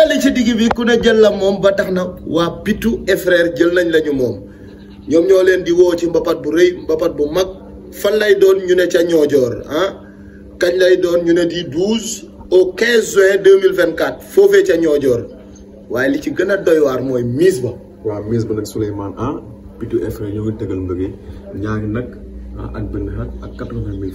jàllee ci digg bi ku ne jël la moom ba tax na waa Pitu et jël nañ la moom ñoom ñoo leen di woo ci mbapat bu rëy mbapat bu mag fan lay doon ñu ne ca ñoojoor ah kañ lay doon ñu ne di 12 au 15 vingt 2024 foofee ca ñoojoor waaye li ci gën a doy waar mooy mise ba. waaw mise ba nag Souleymane ah Pitu et frère ñoo ngi tëgal ñaari nag ah, ak benn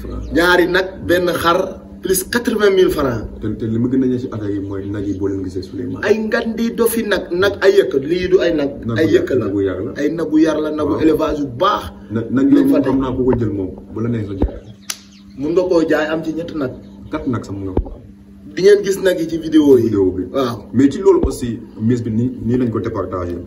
xar benn xar. plus 80000 francs. te te li ma gën a ñëw si attaques yi mooy nag yi boo leen gisee Souleymane. ay ngandi dofi nak nak ay yëkk li du ay nak ay yëkk la nagu yar la ay nagu yar la nagu élevage bu baax. nak nag yooyu moom xam naa ko ko jël mom bu la neex neexee jël mu nga ko jaay am ci ñetti nak kat nak sax mun nga ko di ngeen gis nak yi ci vidéo yi. vidéo bi waaw mais ci lool aussi mise bi ni ni lañ ko départager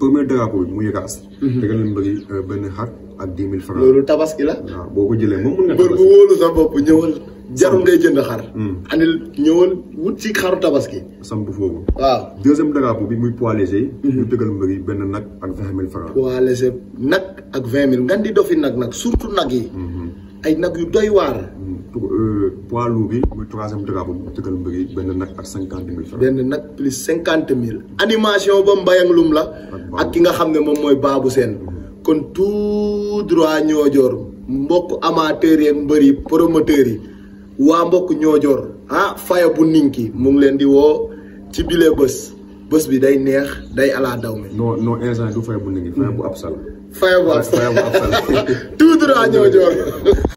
premier drapeau bi mu yëgaas. Mhm. tegal leen bëri euh, ben xat ak 10000 francs. lolu tabaski la. waaw boo ko jëlee moom mun nga. tabaski bu sa bop ñëwal. jarul ngay jënd xar. Hmm. xam ne ñëwal wut ci xaru tabaski. samp foofu. waaw deuxième drapeau bi muy poids léger. Hmm. ñu dëggal mbër yi benn nag ak vingt mille nag ak vingt mille nga di dofi nag nag surtout nag yi. Hmm, ay nag yu doy waar. Euh, poids bi muy troisième drapeau mu tëggal mbër yi benn nag ak cinquante mille benn nag plus cinquante mille. animation ba mbayang lum la. ak ki nga xam ne moom mooy baabu seen. kon tout droit ñoo joor mbokk amateurs yeeg mbër yi promoteurs yi. waa mbokk ñoojoor ah faya bu ninki mu ngi leen di woo ci bilee bés bës bi day neex day alaa daw noo non non instant du faya bu ninki faya bu hmm. absal faya bu absal tout droit